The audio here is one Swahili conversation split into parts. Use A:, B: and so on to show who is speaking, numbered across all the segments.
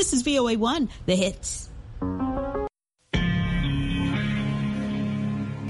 A: This is VOA1, the hits.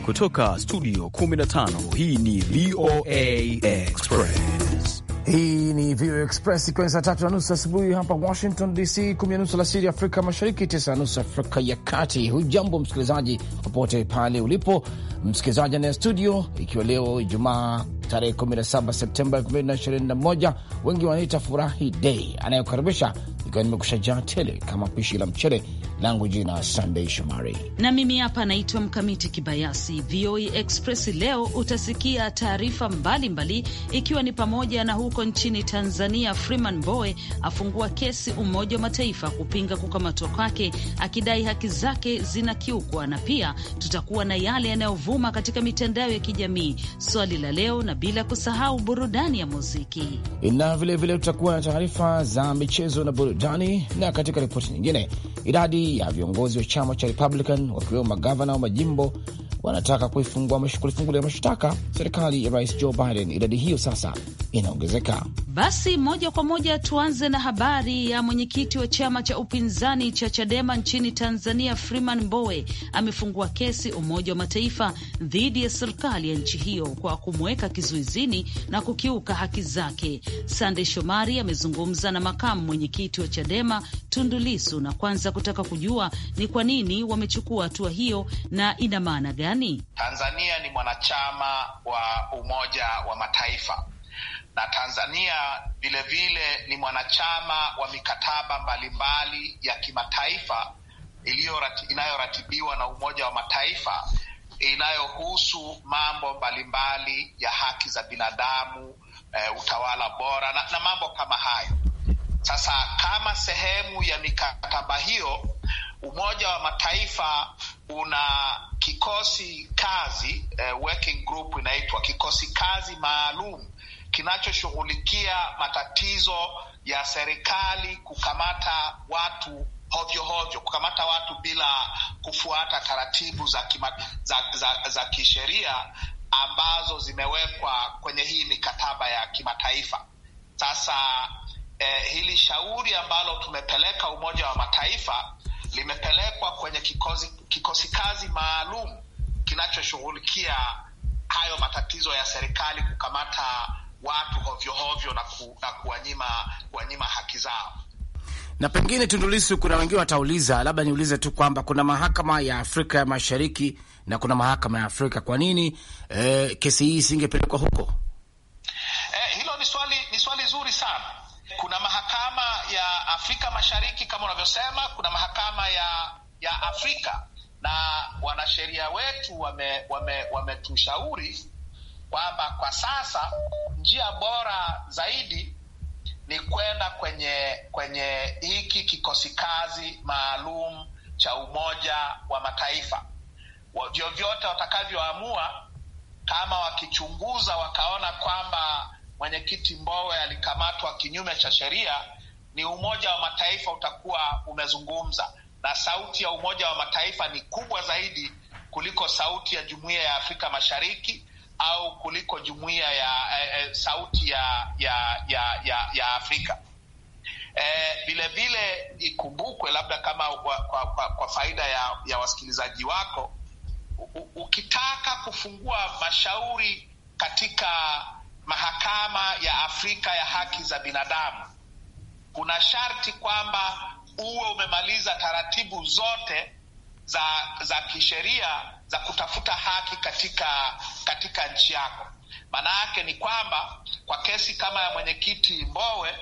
B: Kutoka studio 15 hii ni VOA Express.
C: Hii ni VOA Express ikiwa ni saa tatu na nusu asubuhi hapa Washington DC, kumi na nusu alasiri Afrika Mashariki, tisa na nusu Afrika ya Kati. Hujambo msikilizaji popote pale ulipo, msikilizaji ndani ya studio, ikiwa leo Ijumaa tarehe 17 Septemba 2021, wengi wanaita furahi dei, anayokaribisha ikiwa jaa tele kama pishi la mchele langu. Jina sandei Shomari
A: na mimi hapa naitwa Mkamiti Kibayasi. VOA e Express leo utasikia taarifa mbalimbali, ikiwa ni pamoja na huko nchini Tanzania, Freeman boe afungua kesi Umoja wa Mataifa kupinga kukamatwa kwake akidai haki zake zinakiukwa, na pia tutakuwa na yale yanayovuma katika mitandao ya kijamii, swali la leo na bila kusahau burudani ya muziki,
C: na vilevile tutakuwa na taarifa za michezo na burudani. Na katika ripoti nyingine, idadi ya viongozi wa chama cha Republican wakiwemo magavana wa majimbo wanataka kuifungulia mashtaka serikali ya rais Joe Biden. Idadi hiyo sasa inaongezeka.
A: Basi moja kwa moja tuanze na habari ya mwenyekiti wa chama cha upinzani cha Chadema nchini Tanzania, Freeman Mbowe amefungua kesi Umoja wa Mataifa dhidi ya serikali ya nchi hiyo kwa kumweka kizuizini na kukiuka haki zake. Sande Shomari amezungumza na makamu mwenyekiti wa Chadema Tundulisu na kwanza kutaka kujua ni kwa nini wamechukua hatua hiyo na ina maana gani duniani?
D: Tanzania ni mwanachama wa Umoja wa Mataifa na Tanzania vilevile vile ni mwanachama wa mikataba mbalimbali mbali ya kimataifa inayoratibiwa na Umoja wa Mataifa inayohusu mambo mbalimbali mbali ya haki za binadamu, eh, utawala bora na, na mambo kama hayo. Sasa kama sehemu ya mikataba hiyo Umoja wa Mataifa una kikosi kazi eh, working group inaitwa kikosi kazi maalum kinachoshughulikia matatizo ya serikali kukamata watu hovyo hovyo, kukamata watu bila kufuata taratibu za, kima, za, za, za kisheria ambazo zimewekwa kwenye hii mikataba ya kimataifa. Sasa eh, hili shauri ambalo tumepeleka Umoja wa Mataifa limepelekwa kwenye kikosi, kikosi kazi maalum kinachoshughulikia hayo matatizo ya serikali kukamata watu hovyohovyo na, ku, na kuwanyima, kuwanyima haki zao.
C: Na pengine Tundulisu, kuna wengine watauliza, labda niulize tu kwamba kuna mahakama ya Afrika ya Mashariki na kuna mahakama ya Afrika. Kwa nini eh, kesi hii isingepelekwa huko?
D: Eh, hilo ni swali, ni swali zuri sana Afrika Mashariki kama unavyosema, kuna mahakama ya ya Afrika na wanasheria wetu wametushauri wame, wame kwamba kwa sasa njia bora zaidi ni kwenda kwenye kwenye hiki kikosi kazi maalum cha Umoja wa Mataifa. Vyovyote watakavyoamua, kama wakichunguza wakaona kwamba mwenyekiti Mbowe alikamatwa kinyume cha sheria ni Umoja wa Mataifa utakuwa umezungumza, na sauti ya Umoja wa Mataifa ni kubwa zaidi kuliko sauti ya Jumuiya ya Afrika Mashariki au kuliko jumuiya ya eh, eh sauti ya ya ya ya, ya Afrika. Vilevile eh, ikumbukwe labda kama kwa, kwa, kwa, kwa faida ya, ya wasikilizaji wako, ukitaka kufungua mashauri katika mahakama ya Afrika ya haki za binadamu una sharti kwamba uwe umemaliza taratibu zote za za kisheria za kutafuta haki katika katika nchi yako. Maana yake ni kwamba kwa kesi kama ya mwenyekiti Mbowe,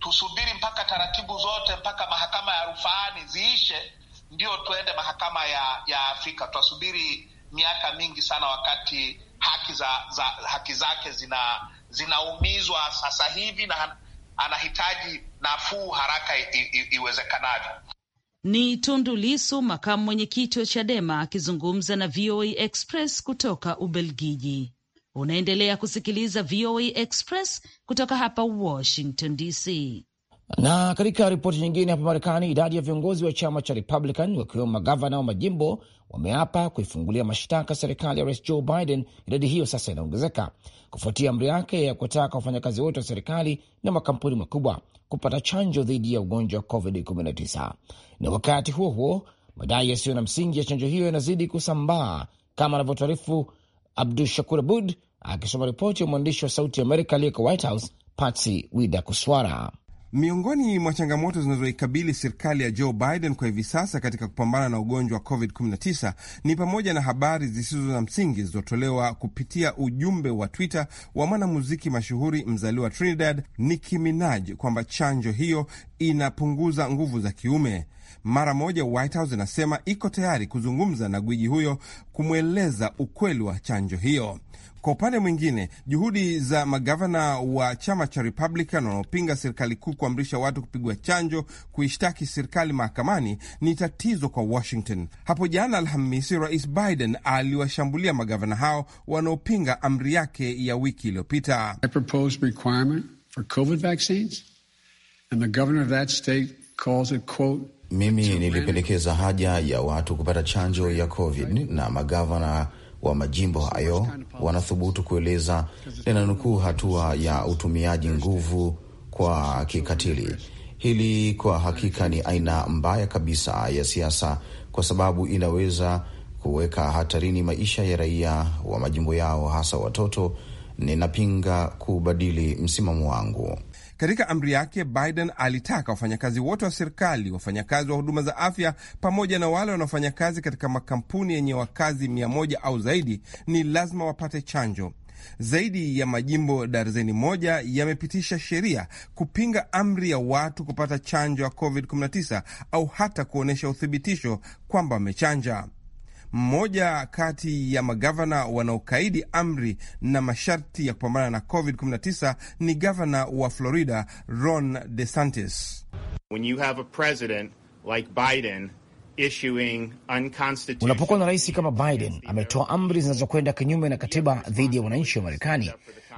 D: tusubiri mpaka taratibu zote mpaka mahakama ya rufaani ziishe, ndio tuende mahakama ya, ya Afrika. Tutasubiri miaka mingi sana, wakati haki za, za haki zake zina zinaumizwa sasa hivi na anahitaji nafuu haraka iwezekanavyo.
A: Ni Tundu Lisu, makamu mwenyekiti wa CHADEMA akizungumza na VOA Express kutoka Ubelgiji. Unaendelea kusikiliza VOA Express kutoka hapa Washington DC.
C: Na katika ripoti nyingine hapa Marekani, idadi ya viongozi wa chama cha Republican wakiwemo magavana wa majimbo wameapa kuifungulia mashtaka serikali ya rais Joe Biden. Idadi hiyo sasa inaongezeka kufuatia amri yake ya kutaka wafanyakazi wote wa serikali na makampuni makubwa kupata chanjo dhidi ya ugonjwa wa COVID-19. Na wakati huo huo, madai yasiyo na msingi ya chanjo hiyo yanazidi kusambaa, kama anavyotaarifu Abdu Shakur Abud akisoma ripoti ya mwandishi wa Sauti Amerika aliyeko White
E: House, Patsy Wida Kuswara. Miongoni mwa changamoto zinazoikabili serikali ya Joe Biden kwa hivi sasa katika kupambana na ugonjwa wa COVID-19 ni pamoja na habari zisizo na msingi zilizotolewa kupitia ujumbe wa Twitter wa mwanamuziki mashuhuri mzaliwa Trinidad, Nicki Minaj, kwamba chanjo hiyo inapunguza nguvu za kiume. Mara moja White House inasema iko tayari kuzungumza na gwiji huyo kumweleza ukweli wa chanjo hiyo. Kwa upande mwingine, juhudi za magavana wa chama cha Republican wanaopinga serikali kuu kuamrisha watu kupigwa chanjo kuishtaki serikali mahakamani ni tatizo kwa Washington. Hapo jana Alhamisi, Rais Biden aliwashambulia magavana hao wanaopinga amri yake ya wiki iliyopita.
D: Mimi nilipendekeza haja ya watu kupata chanjo ya COVID na magavana wa majimbo hayo wanathubutu kueleza, ninanukuu, hatua ya utumiaji nguvu kwa kikatili. Hili kwa hakika ni aina mbaya kabisa ya siasa, kwa sababu inaweza kuweka hatarini
E: maisha ya raia wa majimbo yao, hasa watoto. Ninapinga kubadili msimamo wangu. Katika amri yake, Biden alitaka wafanyakazi wote wa serikali, wafanyakazi wa huduma za afya, pamoja na wale wanaofanya kazi katika makampuni yenye wakazi mia moja au zaidi ni lazima wapate chanjo. Zaidi ya majimbo darzeni moja yamepitisha sheria kupinga amri ya watu kupata chanjo ya COVID-19 au hata kuonyesha uthibitisho kwamba wamechanja. Mmoja kati ya magavana wanaokaidi amri na masharti ya kupambana na COVID-19 ni gavana wa Florida Ron DeSantis.
D: When you have a president like Biden
E: Unapokuwa na rais kama Biden ametoa
C: amri zinazokwenda kinyume na katiba dhidi ya wananchi wa Marekani,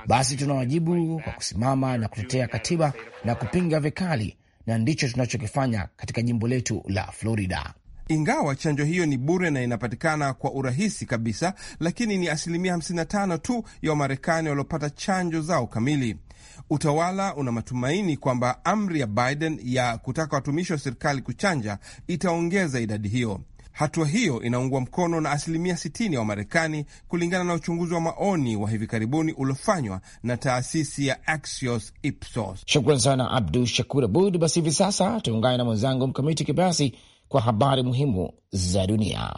C: basi tunawajibu kwa kusimama na kutetea katiba na kupinga vikali, na ndicho tunachokifanya katika jimbo
E: letu la Florida. Ingawa chanjo hiyo ni bure na inapatikana kwa urahisi kabisa, lakini ni asilimia 55 tu ya Wamarekani waliopata chanjo zao kamili. Utawala una matumaini kwamba amri ya Biden ya kutaka watumishi wa serikali kuchanja itaongeza idadi hiyo. Hatua hiyo inaungwa mkono na asilimia 60 ya Wamarekani kulingana na uchunguzi wa maoni wa hivi karibuni uliofanywa na taasisi ya Axios Ipsos. Shukran sana Abdu Shakur Abud. Basi hivi sasa tuungane na mwenzangu Mkamiti
C: Kibayasi kwa habari muhimu za dunia.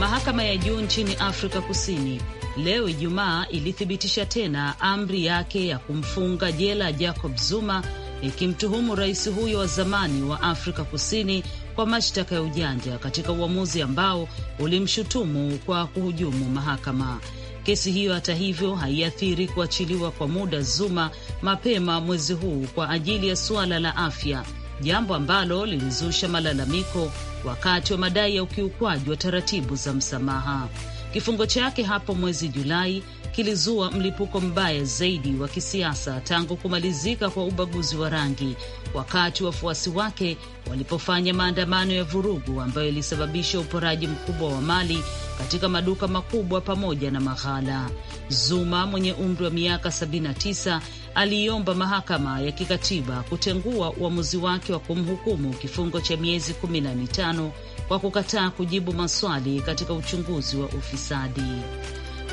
A: Mahakama ya juu nchini Afrika Kusini leo Ijumaa ilithibitisha tena amri yake ya kumfunga jela Jacob Zuma ikimtuhumu rais huyo wa zamani wa Afrika Kusini kwa mashtaka ya ujanja katika uamuzi ambao ulimshutumu kwa kuhujumu mahakama. Kesi hiyo hata hivyo haiathiri kuachiliwa kwa muda Zuma mapema mwezi huu kwa ajili ya suala la afya, jambo ambalo lilizusha malalamiko wakati wa madai ya ukiukwaji wa taratibu za msamaha. Kifungo chake hapo mwezi Julai kilizua mlipuko mbaya zaidi wa kisiasa tangu kumalizika kwa ubaguzi wa rangi wakati wafuasi wake walipofanya maandamano ya vurugu ambayo ilisababisha uporaji mkubwa wa mali katika maduka makubwa pamoja na maghala. Zuma mwenye umri wa miaka 79 aliiomba mahakama ya kikatiba kutengua uamuzi wake wa kumhukumu kifungo cha miezi 15 na mitano kwa kukataa kujibu maswali katika uchunguzi wa ufisadi.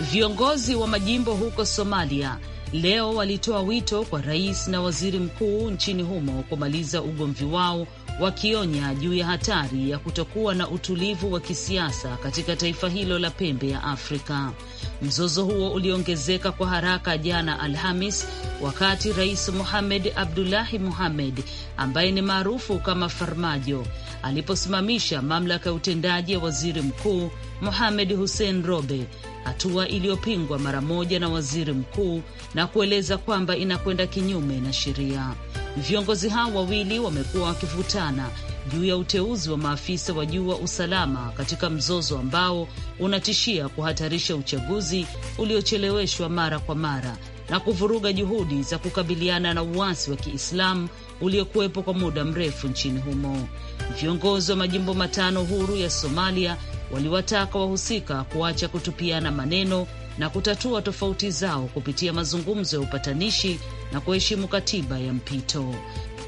A: Viongozi wa majimbo huko Somalia leo walitoa wito kwa rais na waziri mkuu nchini humo kumaliza ugomvi wao, wakionya juu ya hatari ya kutokuwa na utulivu wa kisiasa katika taifa hilo la pembe ya Afrika. Mzozo huo uliongezeka kwa haraka jana Alhamis wakati Rais Mohamed Abdullahi Mohamed ambaye ni maarufu kama Farmajo aliposimamisha mamlaka ya utendaji ya waziri mkuu Mohamed Hussein Robe, hatua iliyopingwa mara moja na waziri mkuu na kueleza kwamba inakwenda kinyume na sheria. Viongozi hao wawili wamekuwa wakivutana juu ya uteuzi wa maafisa wa juu wa usalama katika mzozo ambao unatishia kuhatarisha uchaguzi uliocheleweshwa mara kwa mara na kuvuruga juhudi za kukabiliana na uasi wa Kiislamu uliokuwepo kwa muda mrefu nchini humo. Viongozi wa majimbo matano huru ya Somalia waliwataka wahusika kuacha kutupiana maneno na kutatua tofauti zao kupitia mazungumzo ya upatanishi na kuheshimu katiba ya mpito.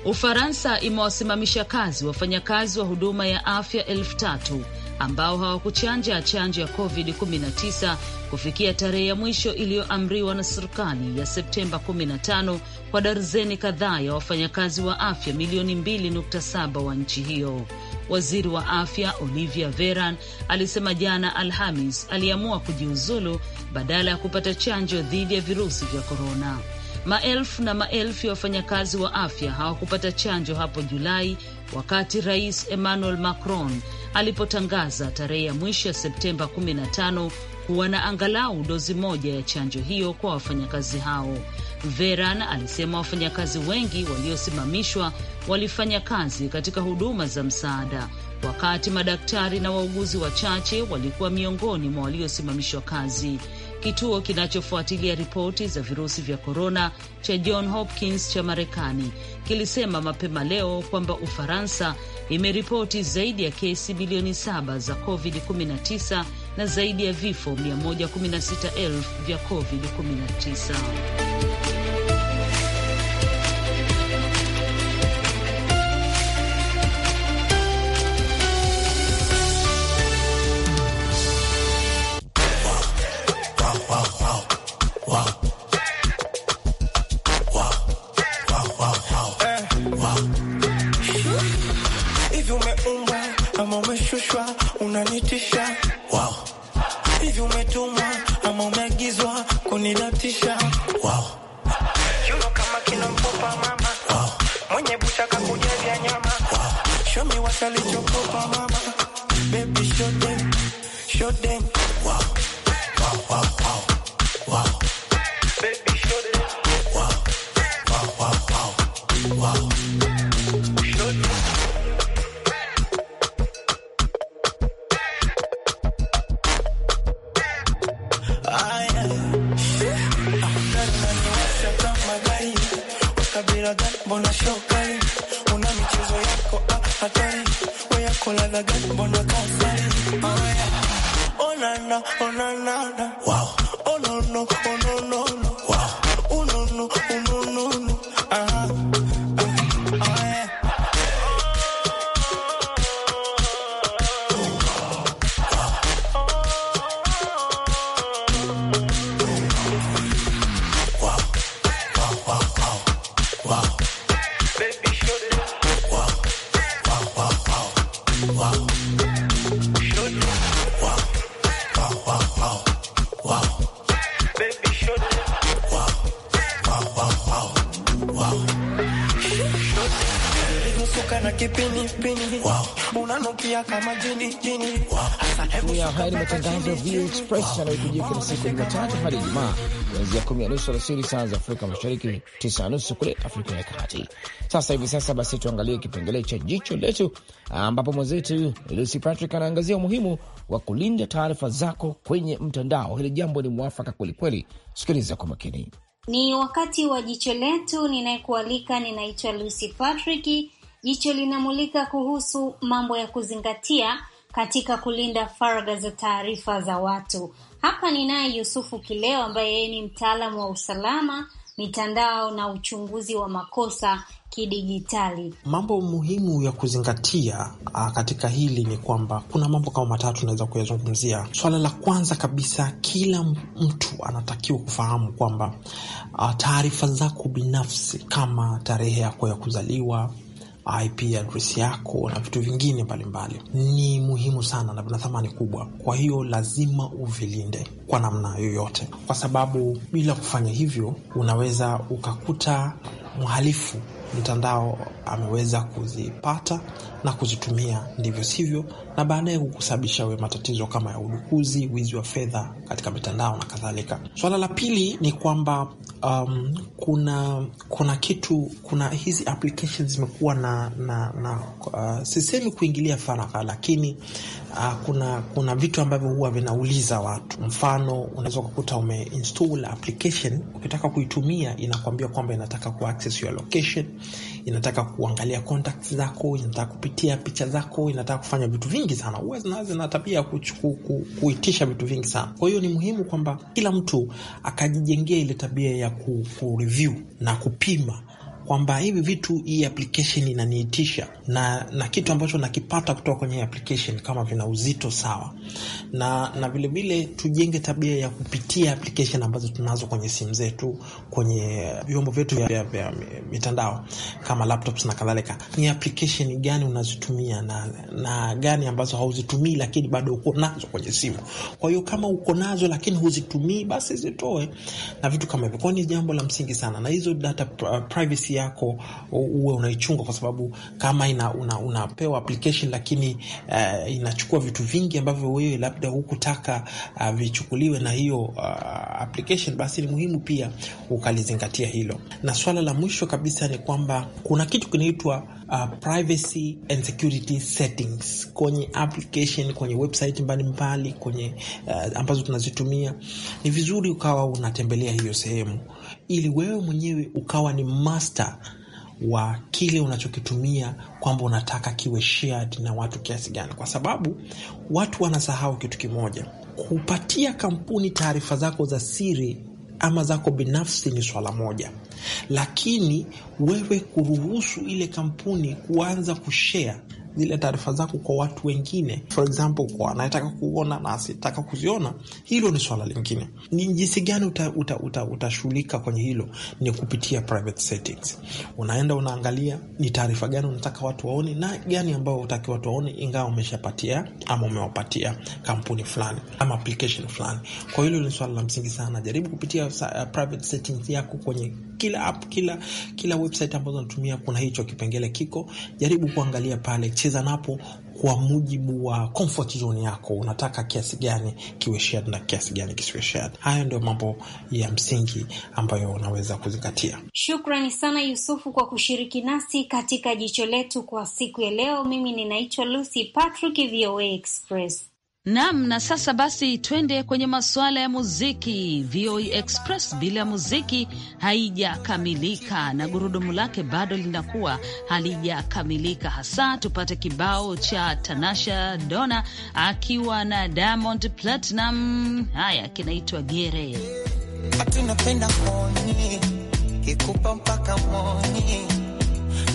A: Ufaransa imewasimamisha kazi wafanyakazi wa huduma ya afya elfu tatu ambao hawakuchanja chanjo ya COVID-19 kufikia tarehe ya mwisho iliyoamriwa na serikali ya Septemba 15 kwa darzeni kadhaa ya wafanyakazi wa afya milioni 2.7 wa nchi hiyo. Waziri wa afya Olivia Veran alisema jana Alhamis aliamua kujiuzulu badala ya kupata chanjo dhidi ya virusi vya korona. Maelfu na maelfu ya wafanyakazi wa afya hawakupata chanjo hapo Julai, wakati Rais Emmanuel Macron alipotangaza tarehe ya mwisho ya Septemba 15 kuwa na angalau dozi moja ya chanjo hiyo kwa wafanyakazi hao. Veran alisema wafanyakazi wengi waliosimamishwa walifanya kazi katika huduma za msaada, wakati madaktari na wauguzi wachache walikuwa miongoni mwa waliosimamishwa kazi kituo kinachofuatilia ripoti za virusi vya korona cha John Hopkins cha Marekani kilisema mapema leo kwamba Ufaransa imeripoti zaidi ya kesi bilioni saba za COVID-19 na zaidi ya vifo 116,000 vya COVID-19.
F: ladha mbona shoka una michezo yako hatari wow oh no no oh no no
G: Haya ni matangazo
C: ya VOA Express yanayokujia kila siku Jumatatu hadi Ijumaa kuanzia kumi na nusu alasiri saa za Afrika Mashariki, tisa na nusu kule Afrika ya Kati. Sasa hivi sasa basi tuangalie kipengele cha jicho letu, ambapo mwenzetu Lucy Patrick anaangazia umuhimu wa kulinda taarifa zako kwenye mtandao. Hili jambo ni mwafaka kwelikweli, sikiliza kwa makini.
B: Ni wakati wa jicho letu, ninayekualika ninaitwa
A: Lucy Patrick Jicho linamulika kuhusu mambo ya kuzingatia katika kulinda faragha za taarifa za watu. Hapa ninaye Yusufu Kileo ambaye yeye ni mtaalamu wa usalama mitandao na uchunguzi wa makosa kidijitali.
G: Mambo muhimu ya kuzingatia a, ah, katika hili ni kwamba kuna mambo kama matatu unaweza kuyazungumzia. Swala la kwanza kabisa, kila mtu anatakiwa kufahamu kwamba ah, taarifa zako binafsi kama tarehe yako ya kuzaliwa IP address yako na vitu vingine mbalimbali, ni muhimu sana na vina thamani kubwa. Kwa hiyo lazima uvilinde kwa namna yoyote, kwa sababu bila kufanya hivyo unaweza ukakuta mhalifu mtandao ameweza kuzipata na kuzitumia ndivyo sivyo, na baadaye kukusababisha we matatizo kama ya udukuzi, wizi wa fedha katika mitandao na kadhalika. Swala la pili ni kwamba um, kuna kuna kitu kuna hizi applications zimekuwa na, na, na uh, sisemi kuingilia faragha, lakini uh, kuna kuna vitu ambavyo huwa vinauliza watu. Mfano, unaweza ukakuta umeinstall application, ukitaka kuitumia inakwambia kwamba inataka ku your location inataka kuangalia contact zako, inataka kupitia picha zako, inataka kufanya vitu vingi sana. Uwezi nazi na tabia kuitisha vitu vingi sana. Kwa hiyo ni muhimu kwamba kila mtu akajijengea ile tabia ya ku, ku review na kupima kwamba hivi vitu, hii application inaniitisha na na kitu ambacho nakipata kutoka kwenye application kama vina uzito sawa, na na vile vile tujenge tabia ya kupitia application ambazo tunazo kwenye simu zetu, kwenye vyombo vyetu vya mitandao kama laptops na kadhalika. Ni application gani unazitumia na, na gani ambazo hauzitumii lakini bado uko nazo kwenye simu. Kwa hiyo kama uko nazo lakini huzitumii, basi zitoe na vitu kama hivyo. Kwa ni jambo la msingi sana, na hizo data uh, privacy yako uwe unaichunga, kwa sababu kama ina, una, unapewa application lakini uh, inachukua vitu vingi ambavyo wewe labda hukutaka uh, vichukuliwe na hiyo uh, application, basi ni muhimu pia ukalizingatia hilo. Na swala la mwisho kabisa ni kwamba kuna kitu kinaitwa uh, privacy and security settings kwenye application, kwenye website mbalimbali mbali, kwenye uh, ambazo tunazitumia. Ni vizuri ukawa unatembelea hiyo sehemu, ili wewe mwenyewe ukawa ni master wa kile unachokitumia kwamba unataka kiwe shared na watu kiasi gani, kwa sababu watu wanasahau kitu kimoja: kupatia kampuni taarifa zako za siri ama zako binafsi ni swala moja, lakini wewe kuruhusu ile kampuni kuanza kushare zile taarifa zako kwa watu wengine, for example, kwa anayetaka kuona na asitaka kuziona, hilo ni swala lingine. Ni jinsi gani utashughulika uta, uta, uta kwenye hilo? Ni kupitia private settings, unaenda unaangalia ni taarifa gani unataka watu waone na gani ambayo utaki watu waone, ingawa umeshapatia ama umewapatia kampuni fulani ama application fulani. Kwa hilo ni swala la msingi sana, jaribu kupitia private settings yako kwenye kila app, kila kila website ambazo natumia kuna hicho kipengele kiko. Jaribu kuangalia pale, cheza napo kwa mujibu wa comfort zone yako, unataka kiasi gani kiwe shared na kiasi gani kisiwe shared. Hayo ndio mambo ya msingi ambayo unaweza kuzingatia.
A: Shukrani sana Yusufu kwa kushiriki nasi katika jicho letu kwa siku ya leo. Mimi ninaitwa Lucy Patrick, VOA Express. Nam, na sasa basi twende kwenye masuala ya muziki. VOA e Express bila muziki haijakamilika, na gurudumu lake bado linakuwa halijakamilika. Hasa tupate kibao cha Tanasha Dona akiwa na Diamond Platinum. Haya, kinaitwa Gere.
F: kikupa mpaka moni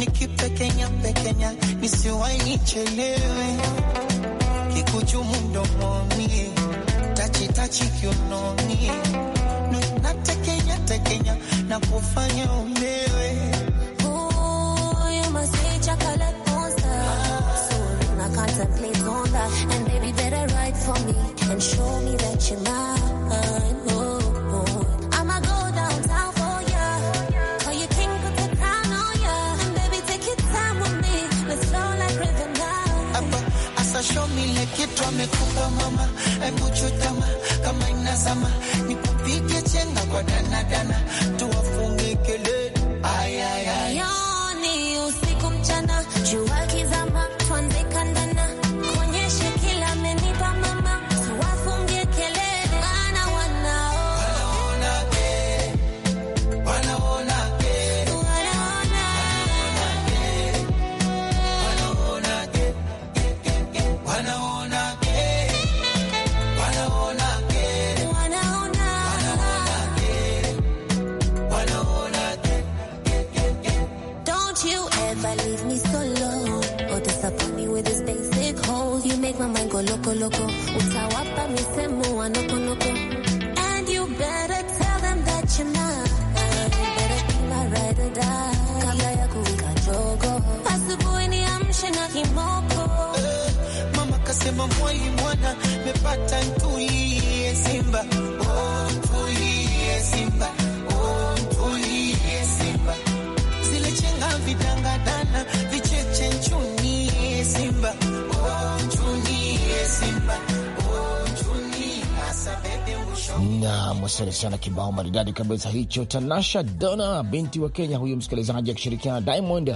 F: nikipekenya pekenya, nisiwaichelewe kikuchumu mdomoni, tachi tachi kiunoni, natekenya tekenya na kufanya umewe Sema mwai mwana mepata ntuie Simba, oh, ntuie Simba, oh, ntuie Simba, zile chenga vitangadana
C: na mwasere sana kibao maridadi kabisa hicho, Tanasha Dona, binti wa Kenya huyu msikilizaji, akishirikiana Diamond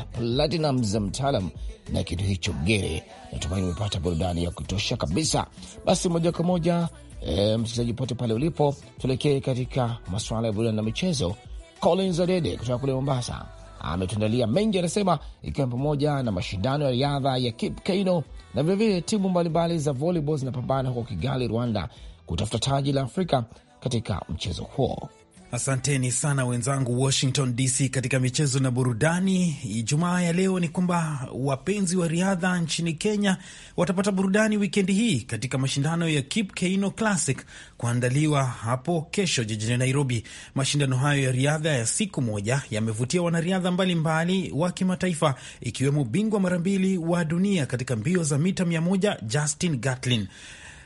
C: za mtaalam na kitu hicho gere. Natumaini umepata burudani ya kutosha kabisa. Basi moja kwa moja e, msikilizaji pote pale ulipo, tuelekee katika masuala ya burudani na michezo. Collins Adede kutoka kule Mombasa ametuandalia mengi, anasema ikiwa ni pamoja na mashindano ya riadha ya Kip Keino na vilevile timu mbalimbali za volleyball zinapambana huko Kigali, Rwanda, kutafuta taji la Afrika katika mchezo huo.
B: Asanteni sana wenzangu Washington DC. Katika michezo na burudani Ijumaa ya leo ni kwamba wapenzi wa riadha nchini Kenya watapata burudani wikendi hii katika mashindano ya Kip Keino Classic kuandaliwa hapo kesho jijini Nairobi. Mashindano hayo ya riadha ya siku moja yamevutia wanariadha mbalimbali wa kimataifa ikiwemo bingwa mara mbili wa dunia katika mbio za mita 1 Justin Gatlin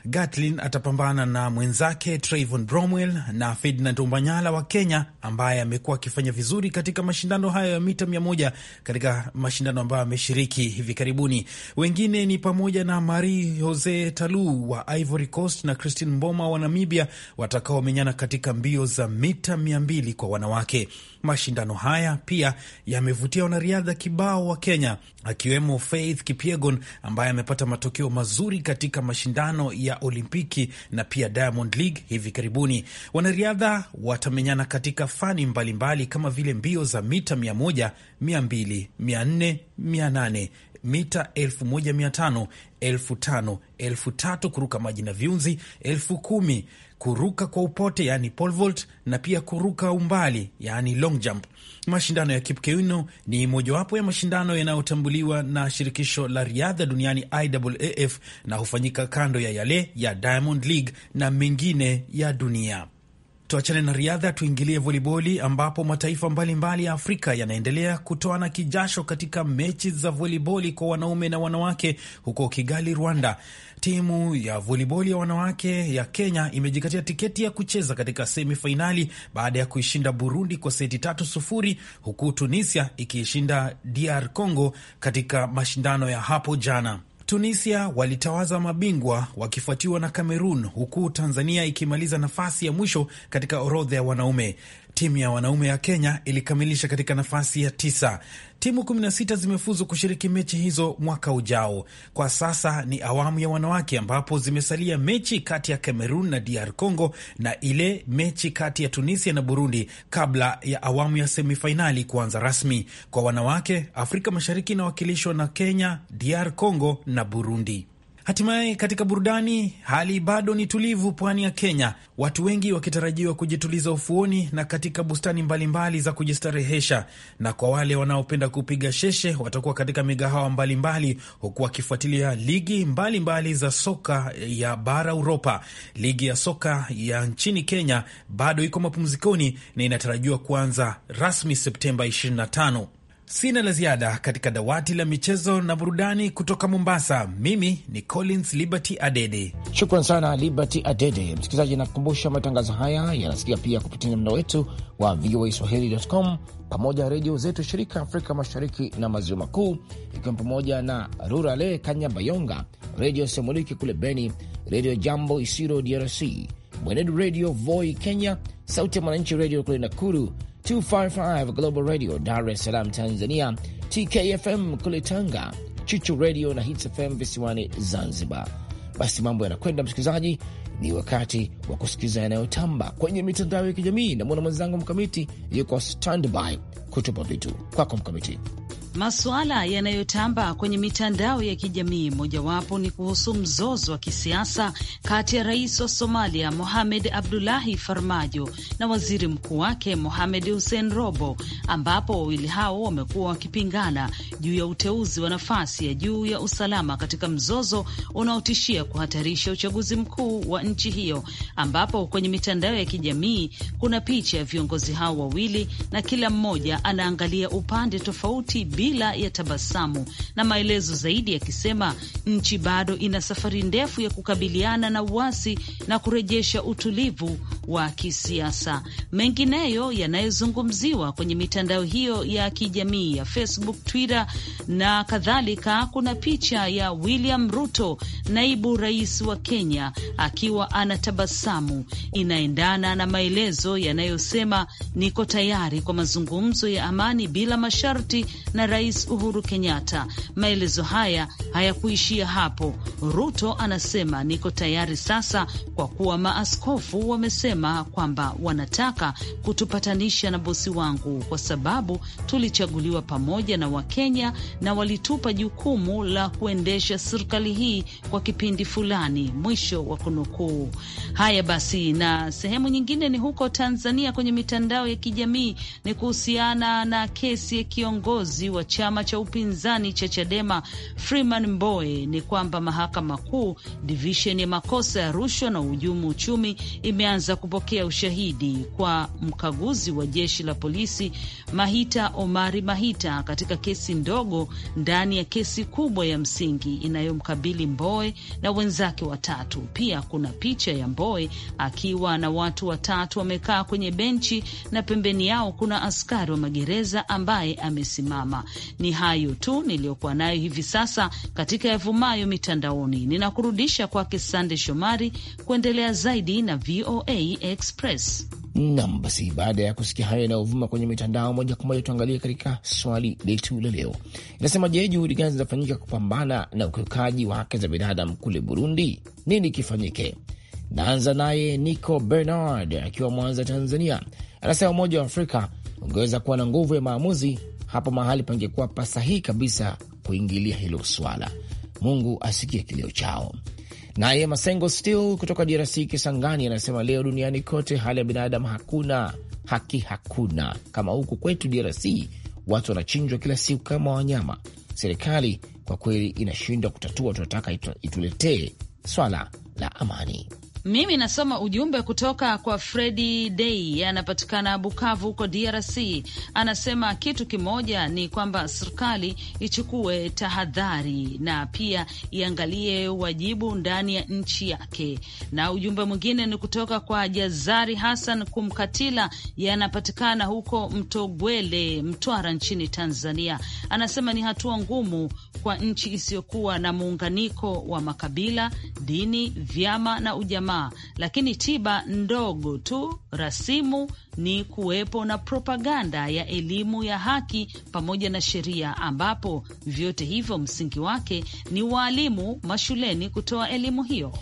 B: Gatlin atapambana na mwenzake Trayvon Bromwell na Ferdinand Umbanyala wa Kenya, ambaye amekuwa akifanya vizuri katika mashindano hayo ya mita mia moja katika mashindano ambayo ameshiriki hivi karibuni. Wengine ni pamoja na Marie Jose Talu wa Ivory Coast na Christine Mboma wa Namibia watakaomenyana katika mbio za mita mia mbili kwa wanawake. Mashindano haya pia yamevutia wanariadha kibao wa Kenya akiwemo Faith Kipyegon ambaye amepata matokeo mazuri katika mashindano ya ya Olimpiki na pia Diamond League hivi karibuni. Wanariadha watamenyana katika fani mbalimbali mbali kama vile mbio za mita 100, 200, 400, 800 mita 15 5000, 3000 kuruka maji na viunzi, 1 kuruka kwa upote yani pole vault, na pia kuruka umbali yani long jump. Mashindano ya Kipkeino ni mojawapo ya mashindano yanayotambuliwa na shirikisho la riadha duniani IAAF na hufanyika kando ya yale ya Diamond League na mengine ya dunia. Tuachane na riadha, tuingilie voliboli ambapo mataifa mbalimbali ya Afrika yanaendelea kutoana kijasho katika mechi za voliboli kwa wanaume na wanawake huko Kigali, Rwanda. Timu ya voliboli ya wanawake ya Kenya imejikatia tiketi ya kucheza katika semi fainali baada ya kuishinda Burundi kwa seti tatu sufuri, huku Tunisia ikiishinda DR Congo katika mashindano ya hapo jana. Tunisia walitawaza mabingwa wakifuatiwa na Kamerun, huku Tanzania ikimaliza nafasi ya mwisho katika orodha ya wanaume. Timu ya wanaume ya Kenya ilikamilisha katika nafasi ya tisa. Timu 16 zimefuzu kushiriki mechi hizo mwaka ujao. Kwa sasa ni awamu ya wanawake, ambapo zimesalia mechi kati ya Cameroon na DR Congo na ile mechi kati ya Tunisia na Burundi kabla ya awamu ya semifainali kuanza rasmi. Kwa wanawake, Afrika Mashariki inawakilishwa na Kenya, DR Congo na Burundi. Hatimaye katika burudani, hali bado ni tulivu pwani ya Kenya, watu wengi wakitarajiwa kujituliza ufuoni na katika bustani mbalimbali mbali za kujistarehesha, na kwa wale wanaopenda kupiga sheshe watakuwa katika migahawa mbalimbali, huku wakifuatilia ligi mbalimbali mbali za soka ya bara Uropa. Ligi ya soka ya nchini Kenya bado iko mapumzikoni na inatarajiwa kuanza rasmi Septemba 25. Sina la ziada katika dawati la michezo na burudani kutoka Mombasa. Mimi ni Collins Liberty Adede.
C: Shukran sana Liberty Adede. Msikilizaji, nakukumbusha matangazo haya yanasikia pia kupitia mtandao wetu wa VOA Swahili.com pamoja na redio zetu shirika Afrika Mashariki na Maziwa Makuu, ikiwa pamoja na Rurale Kanyabayonga, Redio Semuliki kule Beni, Redio Jambo Isiro DRC, Mwenedu Redio Voi Kenya, Sauti ya Mwananchi Redio kule Nakuru, 255 Global Radio Dar es Salaam Tanzania, TKFM kule Tanga, Chuchu Radio na Hits FM visiwani Zanzibar. Basi mambo yanakwenda, msikilizaji, ni wakati wa kusikiliza yanayotamba kwenye mitandao ya kijamii. Namwona mwenzangu Mkamiti yuko standby kutupa vitu kwako, Mkamiti.
A: Masuala yanayotamba kwenye mitandao ya kijamii mojawapo ni kuhusu mzozo wa kisiasa kati ya rais wa Somalia Mohamed Abdullahi Farmajo na waziri mkuu wake Mohamed Hussein Robo, ambapo wawili hao wamekuwa wakipingana juu ya uteuzi wa nafasi ya juu ya usalama katika mzozo unaotishia kuhatarisha uchaguzi mkuu wa nchi hiyo, ambapo kwenye mitandao ya kijamii kuna picha ya viongozi hao wawili na kila mmoja anaangalia upande tofauti bila ya tabasamu, na maelezo zaidi yakisema nchi bado ina safari ndefu ya kukabiliana na uasi na kurejesha utulivu wa kisiasa. Mengineyo yanayozungumziwa kwenye mitandao hiyo ya kijamii ya Facebook, Twitter na kadhalika, kuna picha ya William Ruto, naibu rais wa Kenya, akiwa ana tabasamu Inaendana na maelezo yanayosema niko tayari kwa mazungumzo ya amani bila masharti na Rais Uhuru Kenyatta. Maelezo haya hayakuishia hapo. Ruto anasema niko tayari sasa, kwa kuwa maaskofu wamesema kwamba wanataka kutupatanisha na bosi wangu, kwa sababu tulichaguliwa pamoja na Wakenya na walitupa jukumu la kuendesha serikali hii kwa kipindi fulani. Mwisho wa kunukuu. Haya basi, na sehemu nyingine ni huko Tanzania kwenye mitandao ya kijamii, ni kuhusiana na kesi ya kiongozi wa wa chama cha upinzani cha Chadema Freeman Mbowe ni kwamba mahakama kuu divishen ya makosa ya rushwa na uhujumu uchumi imeanza kupokea ushahidi kwa mkaguzi wa jeshi la polisi Mahita Omari Mahita katika kesi ndogo ndani ya kesi kubwa ya msingi inayomkabili Mbowe na wenzake watatu. Pia kuna picha ya Mbowe akiwa na watu watatu wamekaa kwenye benchi na pembeni yao kuna askari wa magereza ambaye amesimama. Ni hayo tu niliyokuwa nayo hivi sasa katika yavumayo mitandaoni. Ninakurudisha kwake Sande Shomari kuendelea zaidi na VOA Express.
C: Nam, basi baada ya kusikia hayo yanayovuma kwenye mitandao, moja kwa moja tuangalie katika swali letu la leo. Inasema, je, juhudi gani zinafanyika kupambana na ukiukaji wa haki za binadamu kule Burundi? Nini kifanyike? Naanza naye Nico Bernard akiwa Mwanza, Tanzania, anasema Umoja wa Afrika ungeweza kuwa na nguvu ya maamuzi hapo mahali pangekuwa pasahihi kabisa kuingilia hilo swala. Mungu asikie kilio chao. Naye Masengo Still kutoka DRC Kisangani anasema leo duniani kote hali ya binadamu hakuna haki, hakuna kama huku kwetu DRC. Watu wanachinjwa kila siku kama wanyama. Serikali kwa kweli inashindwa kutatua, tunataka ituletee swala
A: la amani. Mimi nasoma ujumbe kutoka kwa Fredi Dei, anapatikana Bukavu huko DRC. Anasema kitu kimoja ni kwamba serikali ichukue tahadhari na pia iangalie wajibu ndani ya nchi yake. Na ujumbe mwingine ni kutoka kwa Jazari Hassan Kumkatila, yanapatikana huko Mtogwele, Mtwara nchini Tanzania. Anasema ni hatua ngumu kwa nchi isiyokuwa na muunganiko wa makabila, dini, vyama na ujamaa mshumaa, lakini tiba ndogo tu rasimu ni kuwepo na propaganda ya elimu ya haki pamoja na sheria, ambapo vyote hivyo msingi wake ni waalimu mashuleni kutoa elimu hiyo.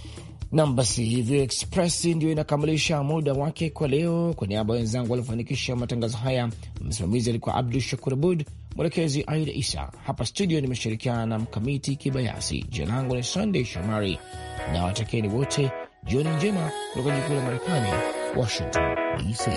C: Nam, basi hivyo Express ndiyo inakamilisha muda wake kwa leo. Kwa niaba ya wenzangu waliofanikisha matangazo haya, msimamizi alikuwa Abdu Shakur Abud, mwelekezi Aida Isa. Hapa studio nimeshirikiana na Mkamiti Kibayasi. Jina langu ni Sandey Shomari na watakeni wote Jioni njema kutoka jikuu la Marekani, Washington DC.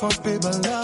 F: for people love.